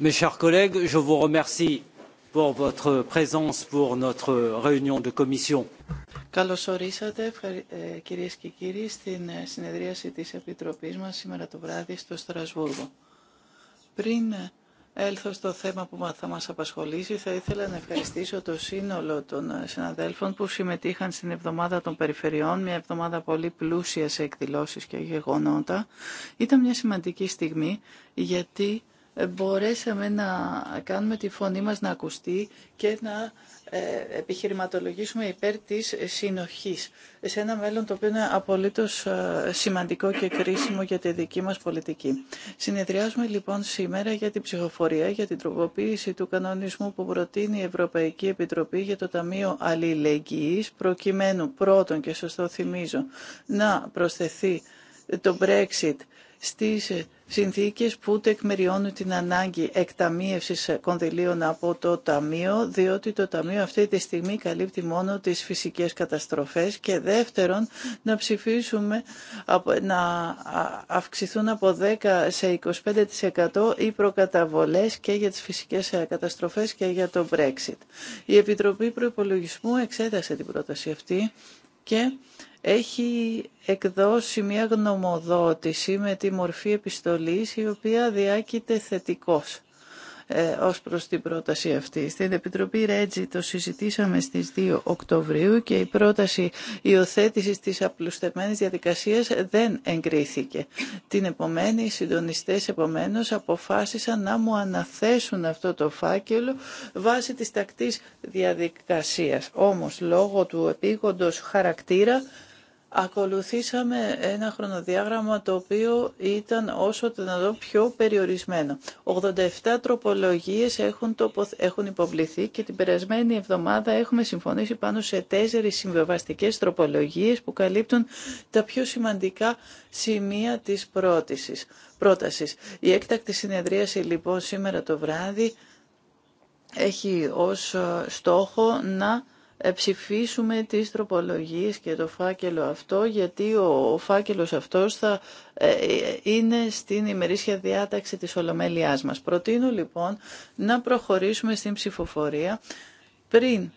Mes chers collègues, je vous remercie pour votre présence pour notre réunion de commission. Καλώς ορίσατε ε, κυρίες και κύριοι στην ε, συνεδρίαση της Επιτροπής μας σήμερα το βράδυ στο Στρασβούργο. Πριν ε, έλθω στο θέμα που θα μας απασχολήσει, θα ήθελα να ευχαριστήσω το σύνολο των ε, συναδέλφων που συμμετείχαν στην Εβδομάδα των Περιφερειών, μια εβδομάδα πολύ πλούσια σε εκδηλώσεις και γεγονότα. Ήταν μια σημαντική στιγμή γιατί μπορέσαμε να κάνουμε τη φωνή μας να ακουστεί και να ε, επιχειρηματολογήσουμε υπέρ της συνοχής σε ένα μέλλον το οποίο είναι απολύτως ε, σημαντικό και κρίσιμο για τη δική μας πολιτική. Συνεδριάζουμε λοιπόν σήμερα για την ψηφοφορία, για την τροποποίηση του κανονισμού που προτείνει η Ευρωπαϊκή Επιτροπή για το Ταμείο Αλληλεγγύης, προκειμένου πρώτον και σωστό θυμίζω να προσθεθεί το Brexit στις ε, συνθήκες που τεκμηριώνουν την ανάγκη εκταμίευσης ε, κονδυλίων από το Ταμείο, διότι το Ταμείο αυτή τη στιγμή καλύπτει μόνο τις φυσικές καταστροφές και δεύτερον να ψηφίσουμε να αυξηθούν από 10 σε 25% οι προκαταβολές και για τις φυσικές ε, καταστροφές και για το Brexit. Η Επιτροπή Προϋπολογισμού εξέτασε την πρόταση αυτή και έχει εκδώσει μια γνωμοδότηση με τη μορφή επιστολής η οποία διάκειται θετικός. Ε, ως προς την πρόταση αυτή. Στην Επιτροπή Ρέτζι το συζητήσαμε στις 2 Οκτωβρίου και η πρόταση υιοθέτηση της απλουστεμένης διαδικασίας δεν εγκρίθηκε. Την επομένη οι συντονιστές επομένως αποφάσισαν να μου αναθέσουν αυτό το φάκελο βάσει της τακτής διαδικασίας. Όμως λόγω του επίγοντος χαρακτήρα ακολουθήσαμε ένα χρονοδιάγραμμα το οποίο ήταν όσο το να δω πιο περιορισμένο. 87 τροπολογίες έχουν, έχουν υποβληθεί και την περασμένη εβδομάδα έχουμε συμφωνήσει πάνω σε τέσσερις συμβεβαστικές τροπολογίες που καλύπτουν τα πιο σημαντικά σημεία της πρότασης. πρότασης. Η έκτακτη συνεδρίαση λοιπόν σήμερα το βράδυ έχει ως ε, στόχο να ε, ψηφίσουμε τις τροπολογίες και το φάκελο αυτό, γιατί ο φάκελος αυτός θα ε, ε, είναι στην ημερήσια διάταξη της Ολομέλειάς μας. Προτείνω λοιπόν να προχωρήσουμε στην ψηφοφορία πριν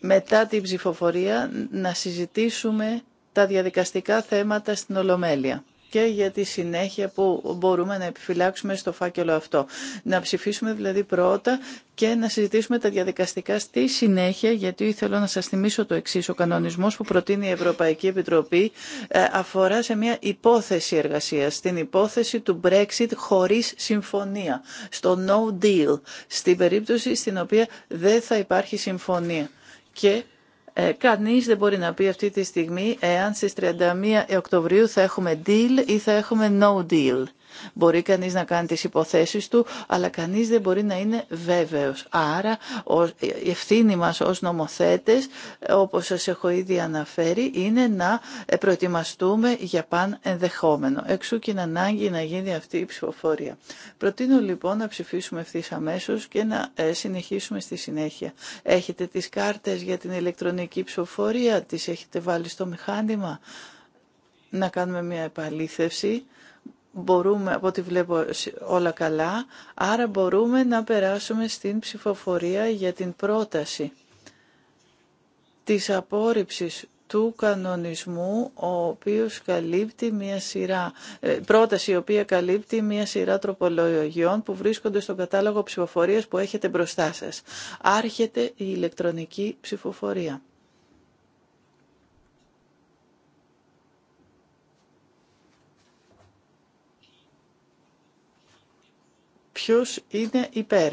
μετά την ψηφοφορία να συζητήσουμε τα διαδικαστικά θέματα στην Ολομέλεια και για τη συνέχεια που μπορούμε να επιφυλάξουμε στο φάκελο αυτό. Να ψηφίσουμε δηλαδή πρώτα και να συζητήσουμε τα διαδικαστικά στη συνέχεια, γιατί ήθελα να σας θυμίσω το εξή. Ο κανονισμός που προτείνει η Ευρωπαϊκή Επιτροπή ε, αφορά σε μια υπόθεση εργασίας, στην υπόθεση του Brexit χωρίς συμφωνία, στο no deal, στην περίπτωση στην οποία δεν θα υπάρχει συμφωνία. Και ε, Κανεί δεν μπορεί να πει αυτή τη στιγμή εάν στι 31 Οκτωβρίου θα έχουμε deal ή θα έχουμε no deal. Μπορεί κανείς να κάνει τις υποθέσεις του, αλλά κανείς δεν μπορεί να είναι βέβαιος. Άρα η ευθύνη μας ως νομοθέτες, όπως σας έχω ήδη αναφέρει, είναι να ε, προετοιμαστούμε για παν ενδεχόμενο. Εξού και είναι ανάγκη να γίνει αυτή η ψηφοφορία. Προτείνω λοιπόν να ψηφίσουμε ευθύ αμέσω και να ε, συνεχίσουμε στη συνέχεια. Έχετε τις κάρτες για την ηλεκτρονική ψηφοφορία, τις έχετε βάλει στο μηχάνημα. Να κάνουμε μια επαλήθευση μπορούμε, από ό,τι βλέπω όλα καλά, άρα μπορούμε να περάσουμε στην ψηφοφορία για την πρόταση της απόρριψης του κανονισμού ο οποίος καλύπτει μια σειρά, ε, πρόταση η οποία καλύπτει μια σειρά τροπολογιών που βρίσκονται στον κατάλογο ψηφοφορίας που έχετε μπροστά σας. Άρχεται η ηλεκτρονική ψηφοφορία. Ποιος είναι υπέρ.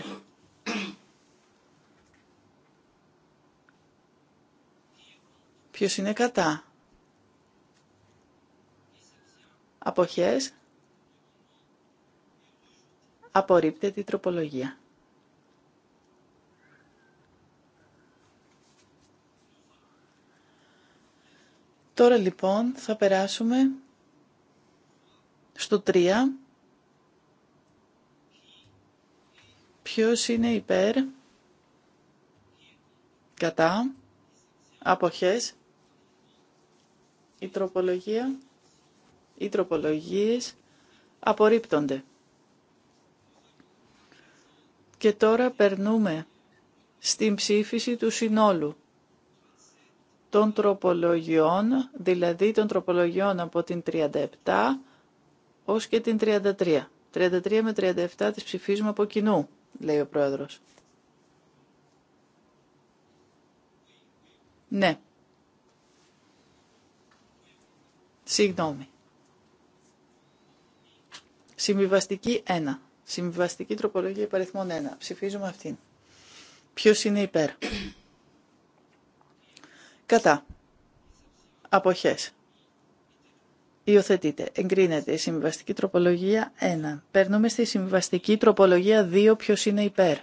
Ποιος είναι κατά. Αποχές. Απορρίπτεται η τροπολογία. Τώρα λοιπόν θα περάσουμε στο 3 Ποιος είναι υπέρ, κατά, αποχές, η τροπολογία, οι τροπολογίες απορρίπτονται. Και τώρα περνούμε στην ψήφιση του συνόλου των τροπολογιών, δηλαδή των τροπολογιών από την 37 ως και την 33. 33 με 37 τις ψηφίζουμε από κοινού λέει ο πρόεδρος. Ναι. Συγγνώμη. Συμβιβαστική 1. Συμβιβαστική τροπολογία υπαριθμών 1. Ψηφίζουμε αυτήν. Ποιος είναι υπέρ. Κατά. Αποχές. Υιοθετείται. Εγκρίνεται η Συμβιβαστική τροπολογία 1. Περνούμε στη Συμβιβαστική τροπολογία 2 ποιο είναι υπέρ.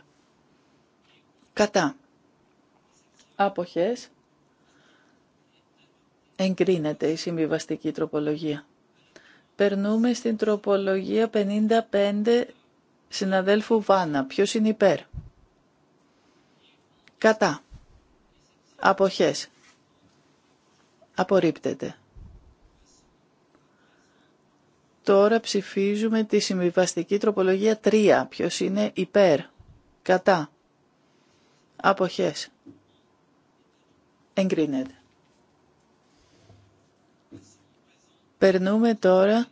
Κατά. Άποχες. Εγκρίνεται η συμβιβαστική τροπολογία. Περνούμε στην τροπολογία 55 συναδέλφου Βάνα. Ποιο είναι υπέρ. Κατά. Αποχές. Απορρίπτεται. Τώρα ψηφίζουμε τη συμβιβαστική τροπολογία 3. Ποιος είναι υπέρ, κατά, αποχές. Εγκρίνεται. Περνούμε τώρα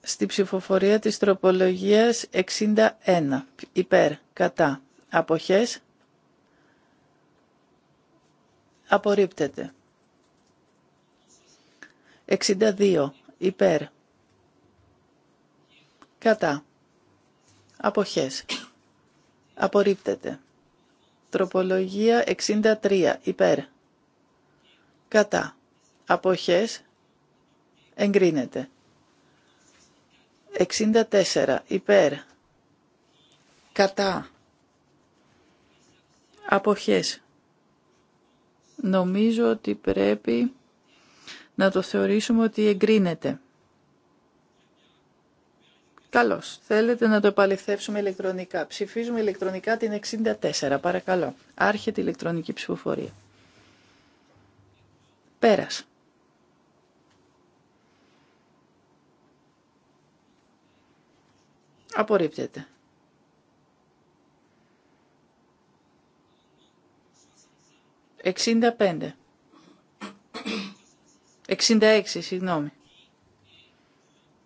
στη ψηφοφορία της τροπολογίας 61. Υπέρ, κατά, αποχές. Απορρίπτεται. 62 υπέρ. Κατά. Αποχές. Απορρίπτεται. Τροπολογία 63 υπέρ. Κατά. Αποχές. Εγκρίνεται. 64 υπέρ. Κατά. Αποχές. Νομίζω ότι πρέπει να το θεωρήσουμε ότι εγκρίνεται. Καλώς. Θέλετε να το επαληθεύσουμε ηλεκτρονικά. Ψηφίζουμε ηλεκτρονικά την 64. Παρακαλώ. Άρχεται η ηλεκτρονική ψηφοφορία. Πέρας. Απορρίπτεται. 65. 66, συγγνώμη.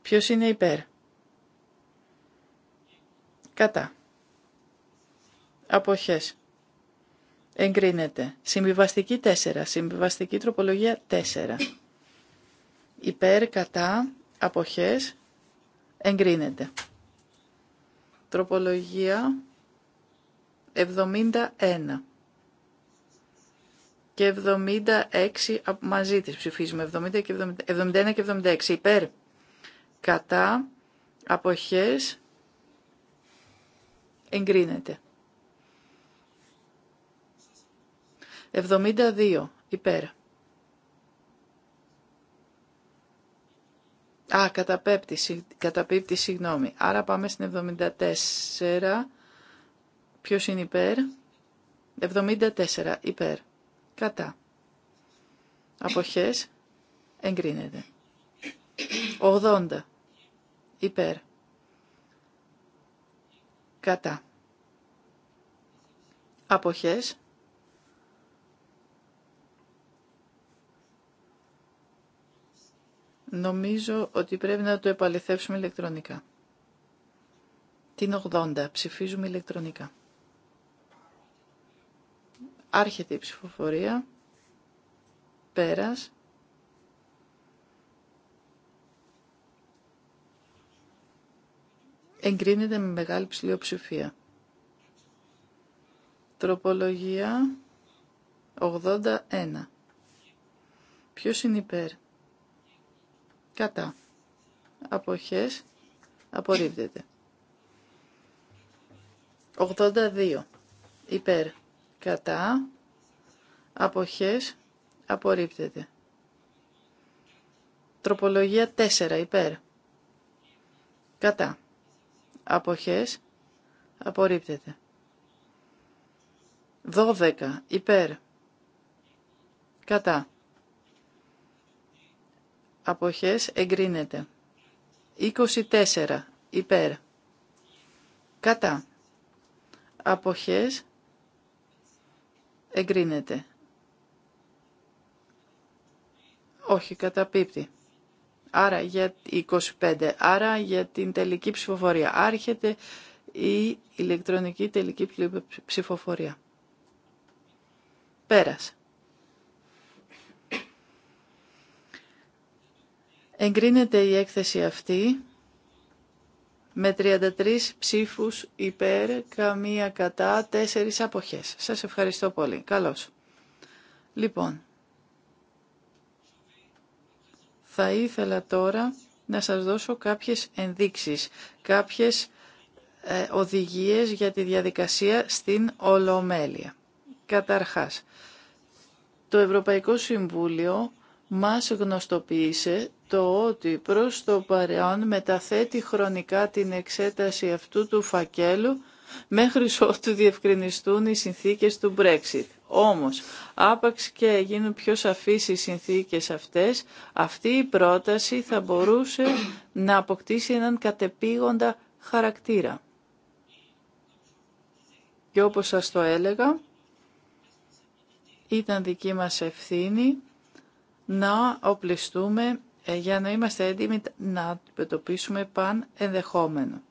Ποιος είναι υπέρ. Κατά. Αποχές. Εγκρίνεται. Συμβιβαστική 4. Συμβιβαστική τροπολογία 4. Υπέρ, κατά, αποχές. Εγκρίνεται. Τροπολογία 71 και 76 μαζί τις ψηφίζουμε. 70 και 71 και 76 υπέρ. Κατά αποχές εγκρίνεται. 72 υπέρ. Α, καταπέπτει, καταπίπτει, συγγνώμη. Άρα πάμε στην 74. Ποιος είναι υπέρ? 74 υπέρ. Κατά. Αποχές. Εγκρίνεται. 80. Υπέρ. Κατά. Αποχές. Νομίζω ότι πρέπει να το επαληθεύσουμε ηλεκτρονικά. Την 80 ψηφίζουμε ηλεκτρονικά. Άρχεται η ψηφοφορία. Πέρας. Εγκρίνεται με μεγάλη ψηλιοψηφία. Τροπολογία 81. Ποιος είναι υπέρ. Κατά. Αποχές. Απορρίπτεται. 82. Υπέρ κατά, αποχές, απορρίπτεται. Τροπολογία 4 υπέρ, κατά, αποχές, απορρίπτεται. 12 υπέρ, κατά, αποχές, εγκρίνεται. 24 υπέρ, κατά, αποχές, εγκρίνεται. Όχι, καταπίπτει. Άρα για 25, άρα για την τελική ψηφοφορία. Άρχεται η ηλεκτρονική τελική ψηφοφορία. Πέρασε. Εγκρίνεται η έκθεση αυτή με 33 ψήφους υπέρ, καμία κατά, τέσσερις αποχές. Σας ευχαριστώ πολύ. Καλώς. Λοιπόν, θα ήθελα τώρα να σας δώσω κάποιες ενδείξεις, κάποιες ε, οδηγίες για τη διαδικασία στην Ολομέλεια. Καταρχάς, το Ευρωπαϊκό Συμβούλιο μας γνωστοποίησε το ότι προς το παρεόν μεταθέτει χρονικά την εξέταση αυτού του φακέλου μέχρι ότου διευκρινιστούν οι συνθήκες του Brexit. Όμως, άπαξ και γίνουν πιο σαφείς οι συνθήκες αυτές, αυτή η πρόταση θα μπορούσε να αποκτήσει έναν κατεπήγοντα χαρακτήρα. Και όπως σας το έλεγα, ήταν δική μας ευθύνη να οπλιστούμε ε, για να είμαστε έτοιμοι να αντιμετωπίσουμε παν ενδεχόμενο.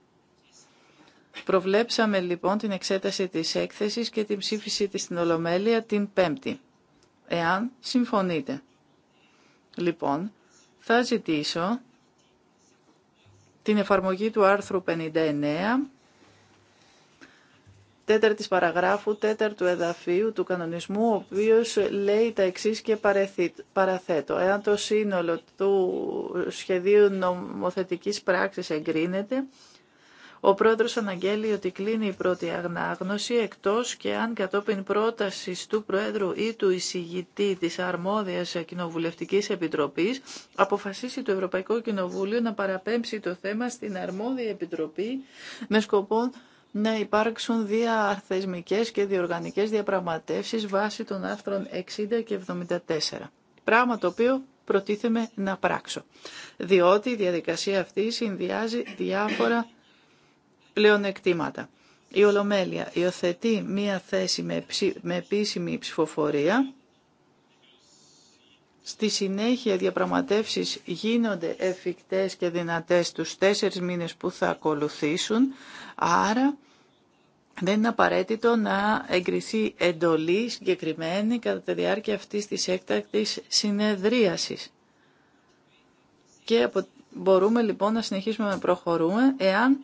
Προβλέψαμε λοιπόν την εξέταση της έκθεσης και την ψήφιση της στην Ολομέλεια την Πέμπτη, εάν συμφωνείτε. Λοιπόν, θα ζητήσω την εφαρμογή του άρθρου 59 τέταρτη παραγράφου, τέταρτου εδαφίου του κανονισμού, ο οποίος λέει τα εξή και παραθέτω. Εάν το σύνολο του σχεδίου νομοθετικής πράξης εγκρίνεται, ο πρόεδρος αναγγέλει ότι κλείνει η πρώτη αγνάγνωση, εκτός και αν κατόπιν πρότασης του Προέδρου ή του εισηγητή της αρμόδιας κοινοβουλευτική Επιτροπής, αποφασίσει το Ευρωπαϊκό Κοινοβούλιο να παραπέμψει το θέμα στην αρμόδια Επιτροπή με σκοπό να υπάρξουν διαθεσμικές και διοργανικές διαπραγματεύσεις βάσει των άρθρων 60 και 74. Πράγμα το οποίο προτίθεμαι να πράξω. Διότι η διαδικασία αυτή συνδυάζει διάφορα πλεονεκτήματα. Η Ολομέλεια υιοθετεί μία θέση με επίσημη ψηφοφορία Στη συνέχεια διαπραγματεύσεις γίνονται εφικτές και δυνατές τους τέσσερις μήνες που θα ακολουθήσουν, άρα δεν είναι απαραίτητο να εγκριθεί εντολή συγκεκριμένη κατά τη διάρκεια αυτής της έκτακτης συνεδρίασης. Και μπορούμε λοιπόν να συνεχίσουμε να προχωρούμε εάν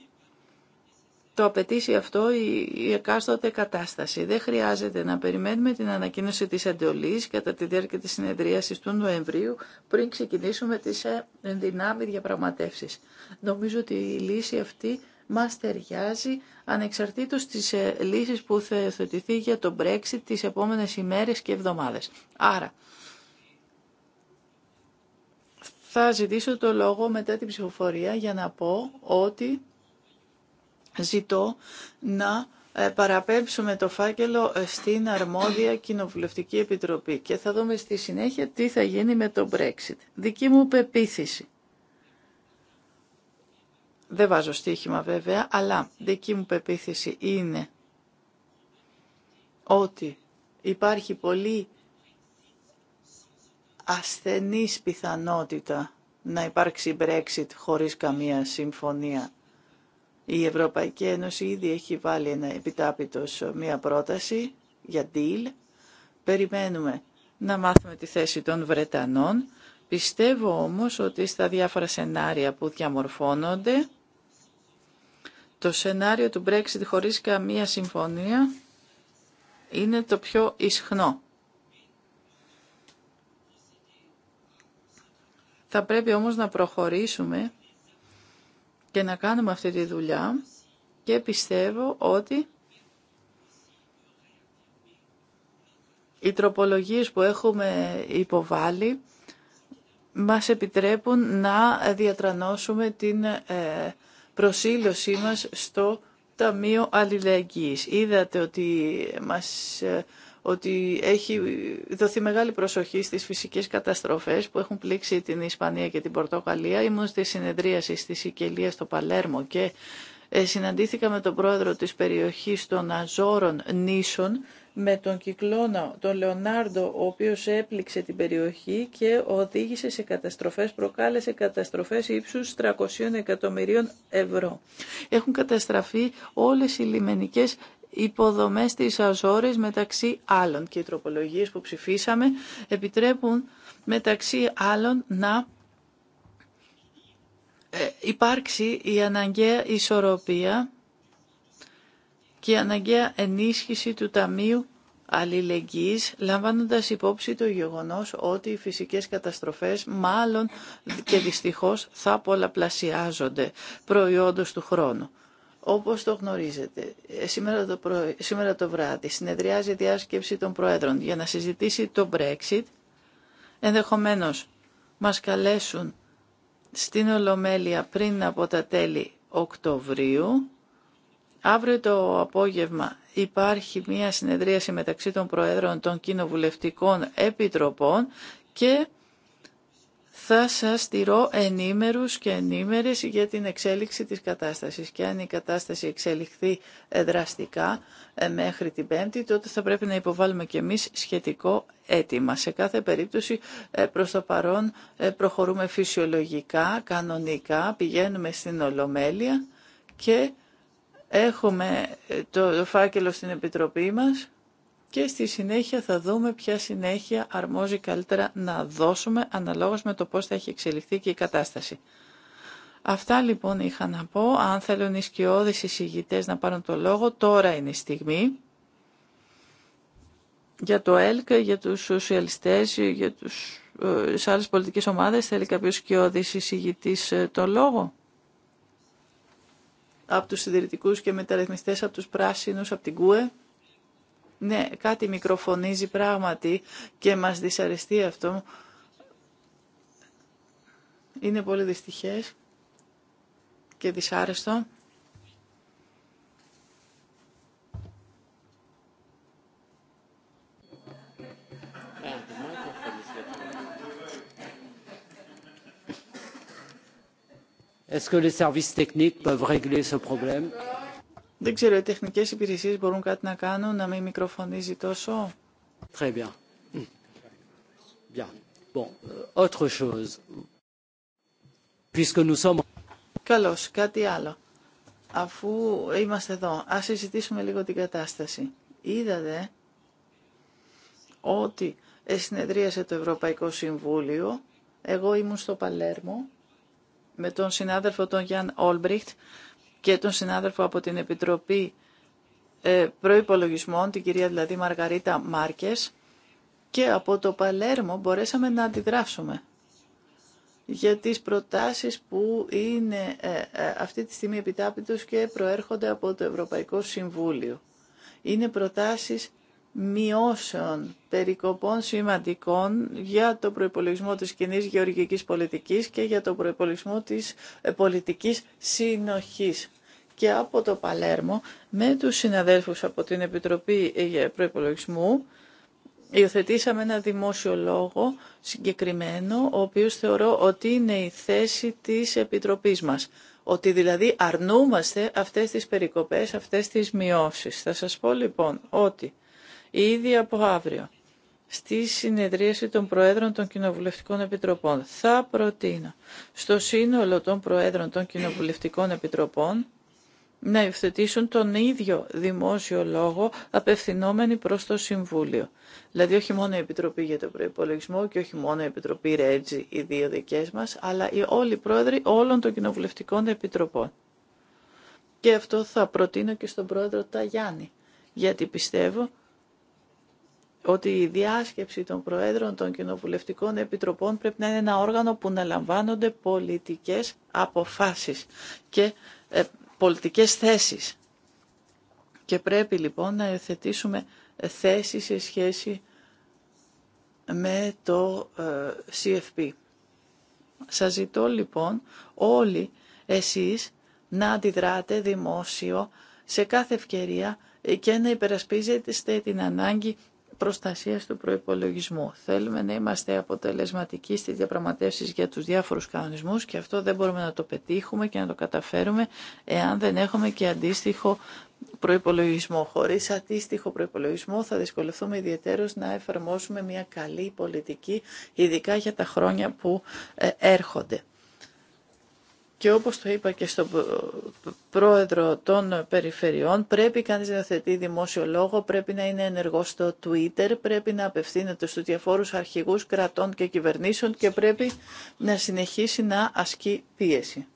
το απαιτήσει αυτό η, η εκάστοτε κατάσταση. Δεν χρειάζεται να περιμένουμε την ανακοίνωση της εντολής κατά τη διάρκεια της συνεδρίασης του Νοεμβρίου πριν ξεκινήσουμε τις ε, ενδυνάμει διαπραγματεύσεις. Νομίζω ότι η λύση αυτή μας ταιριάζει ανεξαρτήτως της ε, λύσης που θα θετηθεί για το Brexit τις επόμενες ημέρες και εβδομάδες. Άρα, θα ζητήσω το λόγο μετά την ψηφοφορία για να πω ότι ζητώ να ε, παραπέμψουμε το φάκελο ε, στην αρμόδια κοινοβουλευτική επιτροπή και θα δούμε στη συνέχεια τι θα γίνει με το Brexit. Δική μου πεποίθηση. Δεν βάζω στοίχημα βέβαια, αλλά δική μου πεποίθηση είναι ότι υπάρχει πολύ ασθενής πιθανότητα να υπάρξει Brexit χωρίς καμία συμφωνία η Ευρωπαϊκή Ένωση ήδη έχει βάλει ένα επιτάπητος μία πρόταση για deal. Περιμένουμε να μάθουμε τη θέση των Βρετανών. Πιστεύω όμως ότι στα διάφορα σενάρια που διαμορφώνονται, το σενάριο του Brexit χωρίς καμία συμφωνία είναι το πιο ισχνό. Θα πρέπει όμως να προχωρήσουμε και να κάνουμε αυτή τη δουλειά και πιστεύω ότι οι τροπολογίες που έχουμε υποβάλει μας επιτρέπουν να διατρανώσουμε την ε, προσήλωσή μας στο Ταμείο Αλληλεγγύης. Είδατε ότι μας ε, ότι έχει δοθεί μεγάλη προσοχή στις φυσικές καταστροφές που έχουν πλήξει την Ισπανία και την Πορτογαλία. Ήμουν στη συνεδρίαση στη Σικελία στο Παλέρμο και ε, συναντήθηκα με τον πρόεδρο της περιοχής των Αζόρων Νήσων, με τον κυκλώνα, τον Λεωνάρντο, ο οποίος έπληξε την περιοχή και οδήγησε σε καταστροφές, προκάλεσε καταστροφές ύψους 300 εκατομμυρίων ευρώ. Έχουν καταστραφεί όλες οι λιμενικές υποδομές της αζόρε μεταξύ άλλων και οι τροπολογίες που ψηφίσαμε επιτρέπουν μεταξύ άλλων να ε, υπάρξει η αναγκαία ισορροπία και η αναγκαία ενίσχυση του Ταμείου αλληλεγγύης, λαμβάνοντας υπόψη το γεγονός ότι οι φυσικές καταστροφές μάλλον και δυστυχώς θα πολλαπλασιάζονται προϊόντος του χρόνου. Όπως το γνωρίζετε, ε, σήμερα το, σήμερα το βράδυ συνεδριάζει η διάσκεψη των Προέδρων για να συζητήσει το Brexit. Ενδεχομένως μας καλέσουν στην Ολομέλεια πριν από τα τέλη Οκτωβρίου. Αύριο το απόγευμα υπάρχει μια συνεδρίαση μεταξύ των Προέδρων των Κοινοβουλευτικών Επιτροπών και θα σας στηρώ ενήμερους και ενήμερες για την εξέλιξη της κατάστασης. Και αν η κατάσταση εξελιχθεί ε, δραστικά ε, μέχρι την Πέμπτη, τότε θα πρέπει να υποβάλουμε και εμείς σχετικό αίτημα. Σε κάθε περίπτωση ε, προς το παρόν προχωρούμε φυσιολογικά, κανονικά, πηγαίνουμε στην Ολομέλεια και έχουμε το φάκελο στην Επιτροπή μας και στη συνέχεια θα δούμε ποια συνέχεια αρμόζει καλύτερα να δώσουμε αναλόγως με το πώς θα έχει εξελιχθεί και η κατάσταση. Αυτά λοιπόν είχα να πω. Αν θέλουν οι σκιώδεις εισηγητές να πάρουν το λόγο, τώρα είναι η στιγμή. Για το ΕΛΚ, για τους σοσιαλιστές, για τους, ε, σε άλλες πολιτικές ομάδες, θέλει κάποιος σκιώδης εισηγητής ε, το λόγο. Από τους συντηρητικούς και μεταρρυθμιστές, από τους πράσινους, από την ΚΟΕ. Ναι, κάτι μικροφωνίζει πράγματι και μας δυσαρεστεί αυτό. Είναι πολύ δυστυχές και δυσάρεστο. Est-ce que les services techniques peuvent régler ce problème? Δεν ξέρω, οι τεχνικές υπηρεσίες μπορούν κάτι να κάνουν, να μην μικροφωνίζει τόσο. Très bien. Bien. Bon, euh, autre chose. Puisque nous Καλώς, κάτι άλλο. Αφού είμαστε εδώ, ας συζητήσουμε λίγο την κατάσταση. Είδατε ότι συνεδρίασε το Ευρωπαϊκό Συμβούλιο. Εγώ ήμουν στο Παλέρμο με τον συνάδελφο τον Γιάνν Όλμπριχτ και τον συνάδελφο από την Επιτροπή ε, Προϋπολογισμών, την κυρία δηλαδή Μαργαρίτα Μάρκες, και από το Παλέρμο μπορέσαμε να αντιδράσουμε για τις προτάσεις που είναι ε, ε, αυτή τη στιγμή επιτάπητος και προέρχονται από το Ευρωπαϊκό Συμβούλιο. Είναι προτάσεις μειώσεων περικοπών σημαντικών για το προϋπολογισμό της κοινή γεωργικής πολιτικής και για το προϋπολογισμό της ε, πολιτικής συνοχής. Και από το Παλέρμο, με τους συναδέλφους από την Επιτροπή ε, Προϋπολογισμού, Υιοθετήσαμε ένα δημόσιο λόγο συγκεκριμένο, ο οποίος θεωρώ ότι είναι η θέση της Επιτροπής μας. Ότι δηλαδή αρνούμαστε αυτές τις περικοπές, αυτές τις μειώσεις. Θα σας πω λοιπόν ότι ήδη από αύριο στη συνεδρίαση των Προέδρων των Κοινοβουλευτικών Επιτροπών. Θα προτείνω στο σύνολο των Προέδρων των Κοινοβουλευτικών Επιτροπών να υιοθετήσουν τον ίδιο δημόσιο λόγο απευθυνόμενοι προς το Συμβούλιο. Δηλαδή όχι μόνο η Επιτροπή για τον Προϋπολογισμό και όχι μόνο η Επιτροπή Ρέτζι, οι δύο δικές μας, αλλά οι όλοι οι πρόεδροι όλων των κοινοβουλευτικών επιτροπών. Και αυτό θα προτείνω και στον πρόεδρο Ταγιάννη, γιατί πιστεύω ότι η διάσκεψη των Προέδρων των Κοινοβουλευτικών Επιτροπών πρέπει να είναι ένα όργανο που να λαμβάνονται πολιτικές αποφάσεις και ε, πολιτικές θέσεις. Και πρέπει λοιπόν να εθετήσουμε θέσεις σε σχέση με το ε, CFP. Σας ζητώ λοιπόν όλοι εσείς να αντιδράτε δημόσιο σε κάθε ευκαιρία και να υπερασπίζεστε την ανάγκη Προστασία του προπολογισμού. Θέλουμε να είμαστε αποτελεσματικοί στι διαπραγματεύσει για τους διάφορους κανονισμούς και αυτό δεν μπορούμε να το πετύχουμε και να το καταφέρουμε εάν δεν έχουμε και αντίστοιχο προπολογισμό. Χωρίς αντίστοιχο προπολογισμό, θα δυσκολευτούμε ιδιαίτερω να εφαρμόσουμε μια καλή πολιτική, ειδικά για τα χρόνια που ε, έρχονται. Και όπως το είπα και στον πρόεδρο των περιφερειών, πρέπει κανείς να θετεί δημόσιο λόγο, πρέπει να είναι ενεργός στο Twitter, πρέπει να απευθύνεται στους διαφόρους αρχηγούς κρατών και κυβερνήσεων και πρέπει να συνεχίσει να ασκεί πίεση.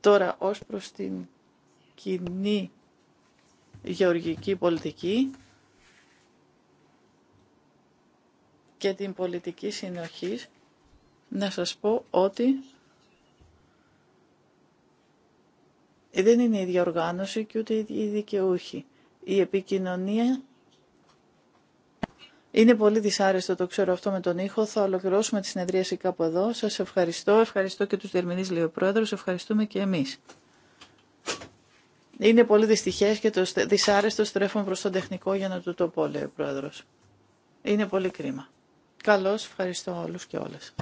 Τώρα, ως προς την κοινή γεωργική πολιτική και την πολιτική συνοχής, να σας πω ότι ε, δεν είναι η ίδια οργάνωση και ούτε οι δικαιούχοι. Η επικοινωνία είναι πολύ δυσάρεστο, το ξέρω αυτό με τον ήχο. Θα ολοκληρώσουμε τη συνεδρίαση κάπου εδώ. Σας ευχαριστώ. Ευχαριστώ και τους δερμηνείς, λέει ο Πρόεδρος. Ευχαριστούμε και εμείς. Είναι πολύ δυστυχές και το δυσάρεστο στρέφουμε προς τον τεχνικό για να του το πω, λέει ο Πρόεδρος. Είναι πολύ κρίμα. Καλώς, ευχαριστώ όλους και όλες.